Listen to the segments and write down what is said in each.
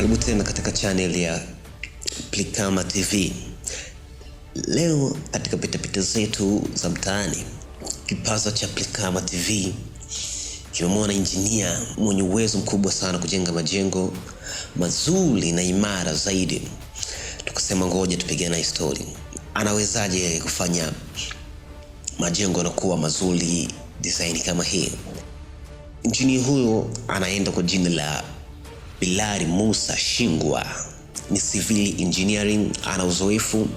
Karibu tena katika channel ya Plikama TV. Leo katika pitapita zetu za mtaani, kipaza cha Plikama TV kimemwona injinia mwenye uwezo mkubwa sana kujenga majengo mazuri na imara zaidi. Tukasema ngoja tupige na story, anawezaje kufanya majengo yanakuwa mazuri design kama hii? Injinia huyo anaenda kwa jina la Bilal Musa Shingwa ni civil engineering, ana uzoefu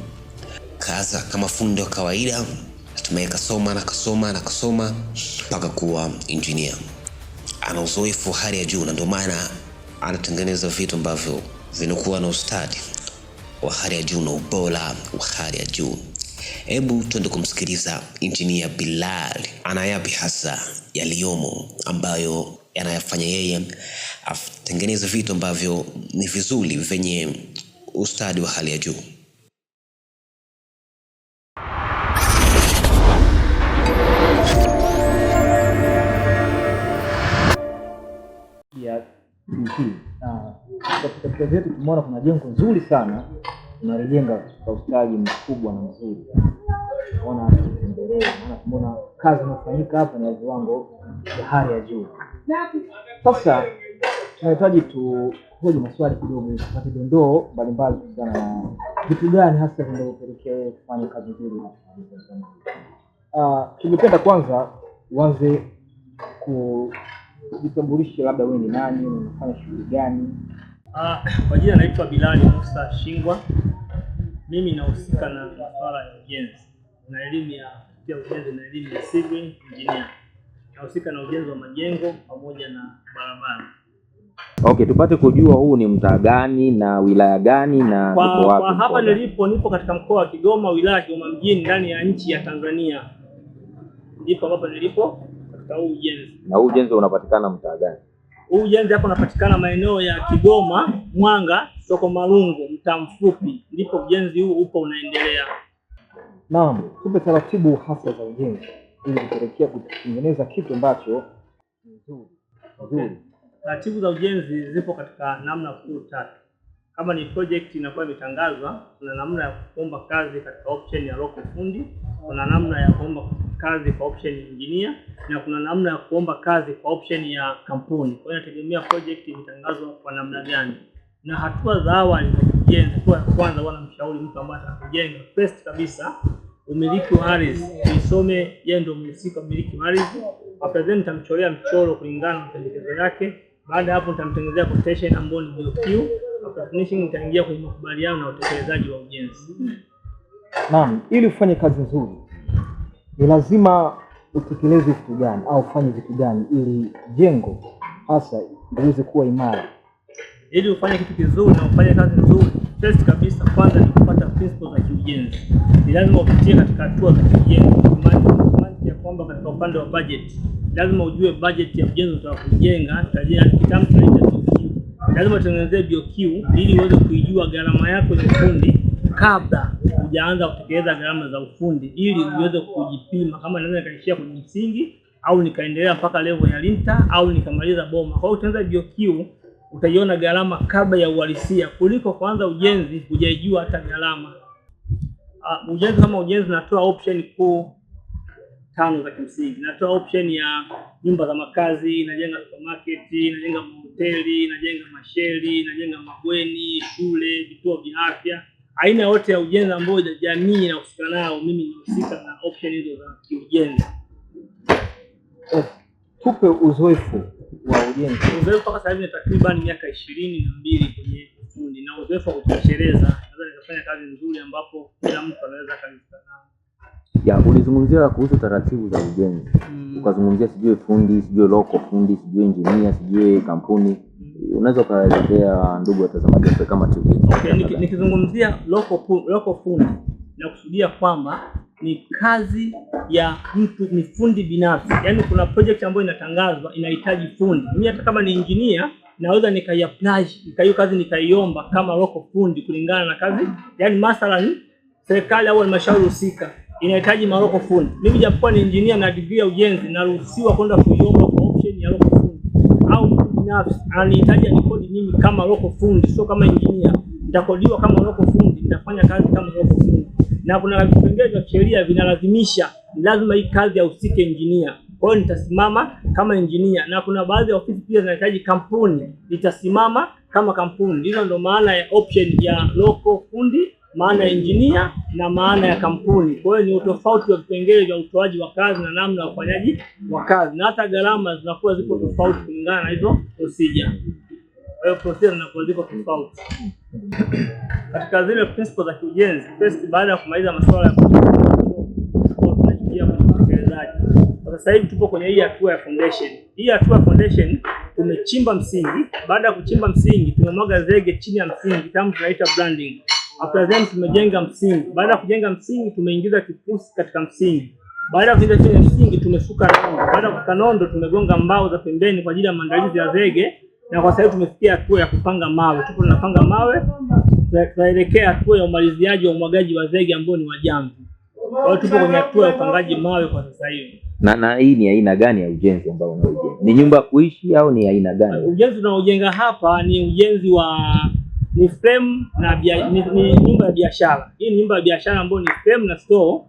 kaza kama fundi wa kawaida, hatimaye kasoma na kasoma na kasoma mpaka kuwa engineer. Ana uzoefu hali ya juu, na ndio maana anatengeneza vitu ambavyo vinakuwa na ustadi wa hali ya juu na ubora wa hali ya juu. Hebu tuende kumsikiliza injinia Bilal ana yapi hasa yaliyomo ambayo yanayofanya yeye, atengeneze vitu ambavyo ni vizuri vyenye ustadi wa hali ya juu. Katika tumeona kuna jengo nzuri sana tunalijenga kwa ustadi mkubwa na mzuri, Naona maana tumeona kazi inafanyika hapa na viwango ya hali ya juu. Sasa tunahitaji tuhoji maswali kidogo, tupate dondoo mbalimbali kuhusiana na vitu gani hasa vinavyopelekea wewe kufanya kazi nzuri. Ah, tungependa kwanza uanze kujitambulisha, labda wewe ni nani, unafanya shughuli gani? Ah, kwa jina naitwa Bilali Musa Shingwa. Mimi nahusika na masuala ya ujenzi na elimu ya ujenzi na elimu ya civil engineer inahusika na ujenzi wa majengo pamoja na barabara. Okay, tupate kujua huu ni mtaa gani na wilaya gani na kwa, uko wapi? Kwa hapa nilipo nipo katika mkoa wa Kigoma, wilaya ya Kigoma mjini, ndani ya nchi ya Tanzania. Ndipo ambapo nilipo katika huu ujenzi. Na huu ujenzi unapatikana mtaa gani? Huu ujenzi hapa unapatikana maeneo ya Kigoma, Mwanga, soko Marungu, mtaa mfupi, ndipo ujenzi huu upo unaendelea. Naam, tupe taratibu hasa za ujenzi ili kutengeneza kitu ambacho nzuri nzuri. Taratibu za ujenzi zipo katika namna kuu tatu. Kama ni project inakuwa imetangazwa, kuna namna ya kuomba kazi katika option ya local fundi, kuna namna ya kuomba kazi kwa option ya engineer na kuna namna ya kuomba kazi kwa option ya kampuni. Kwa hiyo inategemea project imetangazwa kwa namna gani. Na hatua za awali za kujenga, hatua ya kwanza, wanamshauri mtu ambaye atakujenga first kabisa umiliki wa ardhi, tuisome yeye ndio mhusika mmiliki wa ardhi. After then nitamchorea mchoro kulingana na pendekezo yake. Baada ya hapo nitamtengenezea quotation ambayo ni DOQ. After finishing nitaingia kwenye makubaliano na utekelezaji wa ujenzi. Naam, ili ufanye kazi nzuri ni lazima utekeleze vitu gani au ufanye vitu gani ili jengo hasa liweze kuwa imara? Ili ufanye kitu kizuri na ufanye kazi nzuri, first kabisa, kwanza ni kupata Tesco za kiujenzi. Ni lazima upitie katika hatua za kiujenzi, ya kwamba katika upande wa budget lazima ujue budget ya ujenzi utakaojenga, kitabu lazima utengenezee BOQ ili uweze kuijua gharama yako ya ufundi kabla hujaanza kutekeleza gharama za ufundi, ili uweze kujipima kama naweza nikaishia kwenye msingi au nikaendelea mpaka level ya linta au nikamaliza boma. Kwa hiyo utengeneze BOQ utaiona gharama kabla ya uhalisia kuliko kwanza ujenzi hujaijua hata gharama. Uh, ujenzi kama ujenzi natoa option kuu tano za kimsingi. Natoa option ya nyumba za makazi, najenga supermarket, inajenga mahoteli, najenga masheli, inajenga mabweni, shule, vituo vya afya, aina yote ya ujenzi ambayo jamii inahusika nao. Mimi ninahusika na option hizo za kiujenzi. Eh, tupe uzoefu wa ujenzi. Uzoefu mpaka sasa hivi ni takriban miaka ishirini na mbili kwenye ufundi na uzoefu wa kutosheleza, naweza nikafanya kazi nzuri ambapo kila mtu anaweza ya ulizungumzia kuhusu taratibu za ujenzi mm. Ukazungumzia sijui fundi sijui loko fundi sijui engineer sijui kampuni mm. Unaweza ukaelezea ndugu watazamaji kama TV. Okay, nikizungumzia loko fundi nakusudia kwamba ni kazi ya mtu, ni fundi binafsi. Yaani kuna project ambayo inatangazwa inahitaji fundi. Mimi hata kama ni engineer naweza nikaiapply hiyo kazi nikaiomba kama local fundi kulingana na kazi, yaani mathalan serikali au halmashauri husika inahitaji maroko fundi. Mimi japokuwa ni engineer na degree ya ujenzi, naruhusiwa kwenda kuiomba kwa option ya local fundi, au mtu binafsi anahitaji anikodi mimi kama local fundi, sio kama engineer. Nitakodiwa kama local fundi, nitafanya kazi kama local fundi na kuna vipengele vya sheria vinalazimisha lazima hii kazi yahusike injinia. Kwa hiyo nitasimama kama injinia, na kuna baadhi ya ofisi pia zinahitaji kampuni, nitasimama kama kampuni. Hizo ndo maana ya option ya local fundi, maana ya injinia na maana ya kampuni. Kwa hiyo ni utofauti wa vipengele vya utoaji wa kazi na namna ya ufanyaji wa kazi, na hata gharama zinakuwa ziko tofauti kulingana na hizo procedure. Kwa hiyo protea zina kuandikwa tofauti. Katika zile principles za kiujenzi, first baada ya kumaliza masuala ya tunaingia kwenye Sasa hivi tupo kwenye hii hatua ya foundation. Hii hatua ya foundation tumechimba msingi, baada ya kuchimba msingi tumemwaga zege chini ya msingi, tamu tunaita branding. After then tumejenga msingi. Baada ya kujenga msingi tumeingiza kifusi katika msingi. Baada ya kuingiza chini ya msingi tumesuka nondo. Baada ya kusuka nondo tumegonga mbao za pembeni kwa ajili ya maandalizi ya zege na kwa sasa tumefikia hatua ya kupanga mawe, tupo tunapanga mawe, tunaelekea hatua ya umaliziaji wa umwagaji wa zege ambao ni wajamvi Kwa hiyo tupo kwenye hatua ya upangaji mawe kwa sasa hivi. Na, na hii ni aina gani ya ujenzi ambao unaojenga? Ni nyumba ya kuishi au ni aina gani? Ujenzi tunaojenga hapa ni ujenzi wa ni frame na bia, ni, ni nyumba ya biashara. Hii ni nyumba ya biashara ambayo ni frame na store.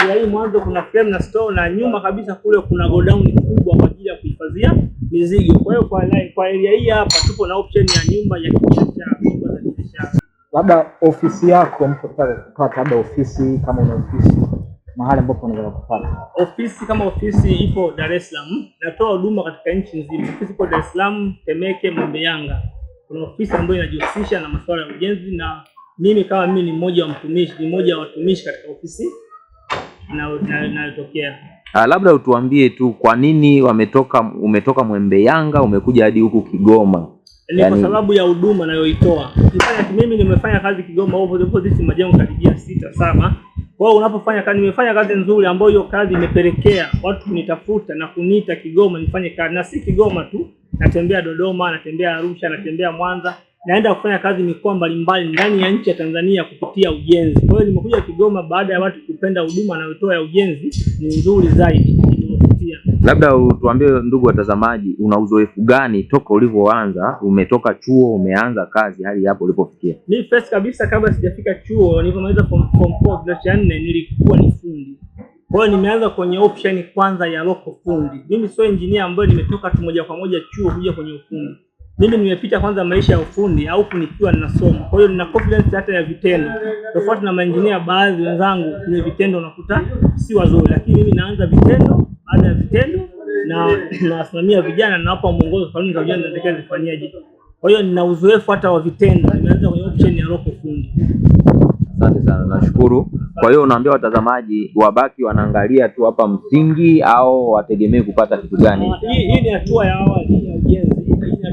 Area hii mwanzo kuna frame na store na nyuma kabisa kule kuna godown kubwa kwa ajili ya kuhifadhia mizigo. Kwa hiyo kwa kwa area hii hapa tupo na option ya nyumba ya kibiashara, Labda ofisi yako mko taka kupata, labda ofisi kama una ofisi mahali ambapo unaweza kupata ofisi. Kama ofisi ipo Dar es Salaam, natoa huduma katika nchi nzima. Ofisi ipo Dar es Salaam, Temeke, Mwembe Yanga. Kuna ofisi ambayo inajihusisha na masuala ya ujenzi, na mimi kama mimi ni mmoja wa mtumishi, ni mmoja wa watumishi katika ofisi inayotokea Uh, labda utuambie tu kwa nini wametoka umetoka Mwembe Yanga umekuja hadi huku Kigoma? Ni yani, kwa yaani- sababu ya huduma nayoitoa. Mimi nimefanya kazi Kigoma over the hizi majengo karibia sita saba. Kwa hiyo unapofanya kazi, nimefanya kazi nzuri ambayo hiyo kazi imepelekea watu kunitafuta na kuniita Kigoma nifanye kazi, na si Kigoma tu, natembea Dodoma, natembea Arusha, natembea Mwanza naenda kufanya kazi mikoa mbalimbali ndani ya nchi ya Tanzania kupitia ujenzi. Kwa hiyo nimekuja Kigoma baada ya watu kupenda huduma anayotoa ya ujenzi ni nzuri zaidi. Labda utuambie ndugu watazamaji, una uzoefu gani toka ulivyoanza? Umetoka chuo umeanza kazi hadi hapo ulipofikia? Mi first kabisa, kabla sijafika chuo, nilipomaliza form 4 kidato cha nne, nilikuwa ni fundi. Kwa hiyo nimeanza kwenye option kwanza ya local fundi. Mimi sio engineer ambaye nimetoka tu moja kwa moja chuo kuja kwenye ufundi mimi nimepita kwanza maisha ya ufundi au nikiwa ninasoma, kwa hiyo nina confidence hata ya vitendo, tofauti na maengineer baadhi wenzangu, kwenye vitendo unakuta si wazuri, lakini mimi naanza vitendo baada ya vitendo na nawasimamia vijana, nawapa mwongozo kwa nini vijana zinatakiwa zifanyaje. Kwa hiyo nina uzoefu hata wa vitendo, nimeanza kwenye option ya rock fundi. Asante sana, nashukuru. Kwa hiyo unaambia watazamaji wabaki wanaangalia tu hapa msingi au wategemee kupata kitu gani? Ah, hii ni hatua ya awali ya ujenzi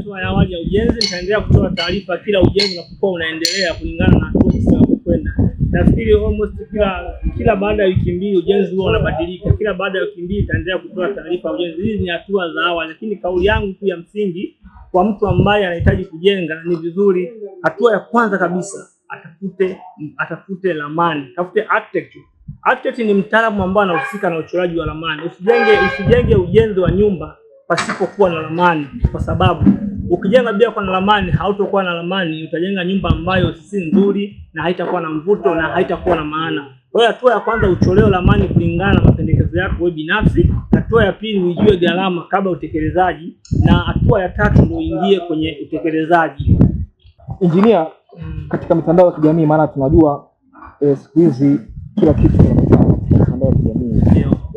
hatua ya awali ya ujenzi. Nitaendelea kutoa taarifa kila ujenzi unapokuwa unaendelea kulingana na hatua zitakazokwenda. Nafikiri almost kila kila baada ya wiki mbili ujenzi huo unabadilika, kila baada ya wiki mbili itaendelea kutoa taarifa ya ujenzi. Hizi ni hatua za awali, lakini kauli yangu tu ya msingi kwa mtu ambaye anahitaji kujenga ni vizuri, hatua ya kwanza kabisa atafute atafute ramani, tafute architect. Architect ni mtaalamu ambaye anahusika na uchoraji wa ramani. Usijenge usijenge ujenzi wa nyumba pasipokuwa na ramani, kwa sababu Ukijenga bila kuwa na ramani, hautakuwa na ramani, utajenga nyumba ambayo si nzuri na haitakuwa na mvuto na haitakuwa na maana. Kwa hiyo hatua ya kwanza ucholeo ramani kulingana na mapendekezo yako wewe binafsi. Hatua ya pili ujue gharama kabla utekelezaji, na hatua ya tatu ndio uingie kwenye utekelezaji. Injinia, mm. katika mitandao ya kijamii maana tunajua eh, siku hizi kila kitu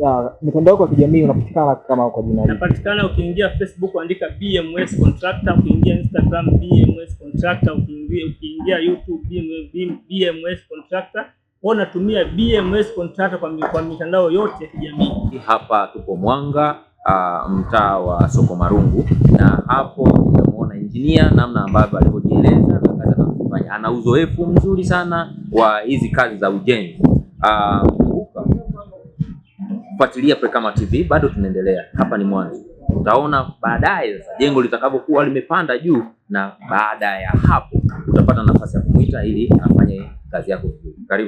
ya mitandao kwa kijamii unapatikana kama kwa jina hili. Unapatikana ukiingia Facebook andika BMS contractor, ukiingia Instagram BMS contractor, ukiingia ukiingia YouTube BMS contractor. Wao natumia BMS contractor kwa kwa mitandao yote ya kijamii. Hapa tupo Mwanga, uh, mtaa wa Soko Marungu na hapo tumemwona injinia namna ambavyo alivyojieleza na kazi anazofanya. Ana uzoefu mzuri sana wa hizi kazi za ujenzi. Uh, fuatilia kama TV, bado tunaendelea. Hapa ni mwanzo, utaona baadaye sasa jengo litakavyokuwa limepanda juu, na baada ya hapo utapata nafasi ya kumwita ili afanye kazi yako vizuri.